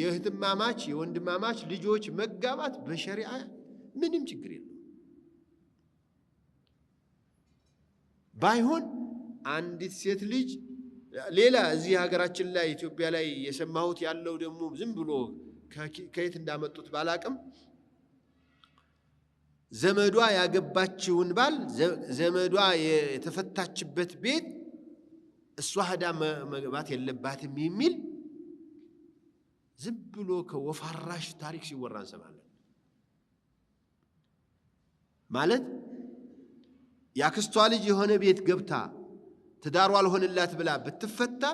የእህትማማች የወንድማማች ልጆች መጋባት በሸሪዓ ምንም ችግር የለም። ባይሆን አንዲት ሴት ልጅ ሌላ እዚህ ሀገራችን ላይ ኢትዮጵያ ላይ የሰማሁት ያለው ደግሞ ዝም ብሎ ከየት እንዳመጡት ባላቅም ዘመዷ ያገባችውን ባል ዘመዷ የተፈታችበት ቤት እሷ ሄዳ መግባት የለባትም የሚል زم بلو كو فراش تاريخ شي وران سمعنا مالت يا كستوالي هون بيت قبتا تدار وال هون اللات بلا بتفتا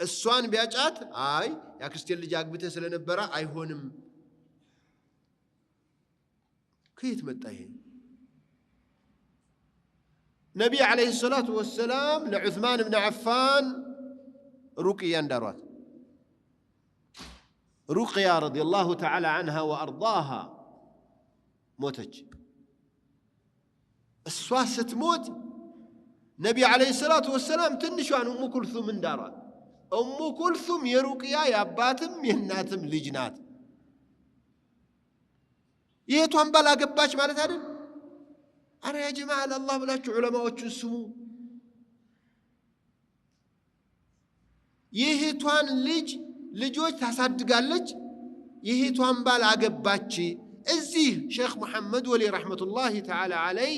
السوان بيجات اي يا كستي اللي جاك بتس لنبرا اي هونم كيت متى نبي عليه الصلاة والسلام لعثمان بن عفان روكي يندرات رقية رضي الله تعالى عنها وأرضاها موتج السواسة تموت نبي عليه الصلاة والسلام تنشو عن أم كلثوم من دارا أم كلثوم يرقيا يا باتم يناتم لجنات የቷን بلا قباش ማለት አይደል? አረ ያ ጀማ ለአላህ ብላችሁ ዑለማዎቹን ስሙ። የእህቷን لجنات ልጆች ታሳድጋለች። የሄቷን ባል አገባች። እዚህ ሼክ መሐመድ ወሊ ረሕመቱላሂ ተዓላ አለይ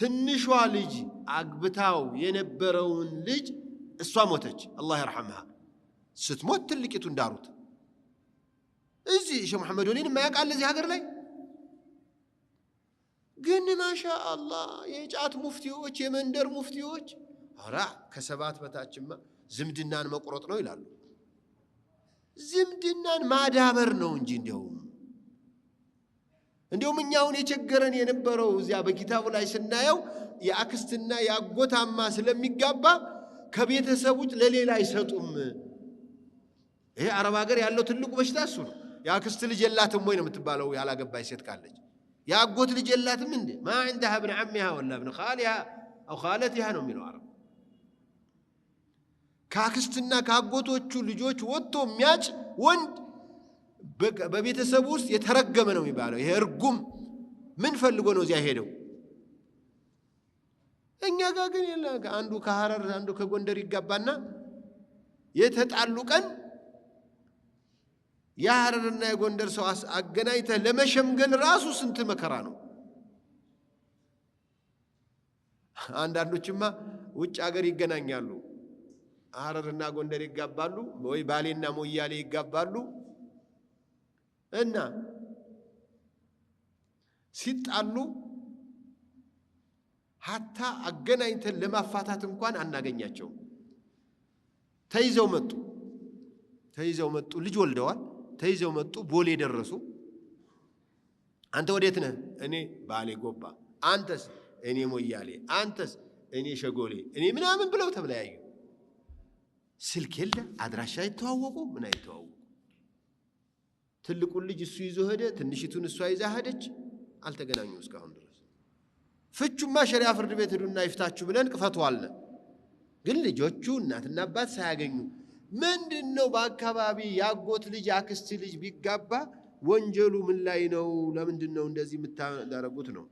ትንሿ ልጅ አግብታው የነበረውን ልጅ እሷ ሞተች፣ አላህ ይርሐምሃ። ስትሞት ትልቂቱ እንዳሩት እዚህ ሼክ መሐመድ ወሊን የማያውቃል እዚህ ሀገር ላይ ግን ማሻ አላህ የጫት ሙፍቲዎች የመንደር ሙፍቲዎች አራ ከሰባት በታችማ ዝምድናን መቁረጥ ነው ይላሉ። ዝምድናን ማዳበር ነው እንጂ እንዲያውም እንዲሁም እኛውን የቸገረን የነበረው እዚያ በኪታቡ ላይ ስናየው የአክስትና የአጎታማ ስለሚጋባ ከቤተሰብ ለሌላ አይሰጡም። ይሄ አረብ ሀገር ያለው ትልቁ በሽታ እሱ ነው። የአክስት ልጅ የላትም ወይ ነው የምትባለው ያላገባች ሴት ካለች። የአጎት ልጅ የላትም እንዴ ማ ዕንደሃ ብን ዓሚሃ ወላ ብን ኻሊሃ አው ኻለቲሃ ነው የሚለው አረብ ከአክስትና ከአጎቶቹ ልጆች ወጥቶ የሚያጭ ወንድ በቤተሰቡ ውስጥ የተረገመ ነው የሚባለው። ይሄ እርጉም ምን ፈልጎ ነው እዚያ ሄደው? እኛ ጋር ግን የለ። አንዱ ከሐረር አንዱ ከጎንደር ይጋባና የተጣሉ ቀን የሐረርና የጎንደር ሰው አገናኝተህ ለመሸምገል ራሱ ስንት መከራ ነው። አንዳንዶችማ ውጭ ሀገር ይገናኛሉ። ሀረርና ጎንደር ይጋባሉ ወይ ባሌና ሞያሌ ይጋባሉ እና ሲጣሉ ሀታ አገናኝተን ለማፋታት እንኳን አናገኛቸውም። ተይዘው መጡ ተይዘው መጡ። ልጅ ወልደዋል። ተይዘው መጡ። ቦሌ ደረሱ። አንተ ወዴት ነህ? እኔ ባሌ ጎባ፣ አንተስ? እኔ ሞያሌ፣ አንተስ? እኔ ሸጎሌ፣ እኔ ምናምን ብለው ተለያዩ። ስልክ የለ፣ አድራሻ አይተዋወቁ፣ ምን አይተዋወቁ። ትልቁን ልጅ እሱ ይዞ ሄደ፣ ትንሽቱን እሷ ይዛ ሄደች። አልተገናኙ እስካሁን ድረስ። ፍቹማ ሸሪያ ፍርድ ቤት ሄዱና ይፍታችሁ ብለን ቅፈቱ አለ። ግን ልጆቹ እናትና አባት ሳያገኙ ምንድን ነው በአካባቢ የአጎት ልጅ አክስት ልጅ ቢጋባ ወንጀሉ ምን ላይ ነው? ለምንድን ነው እንደዚህ የምታደርጉት ነው?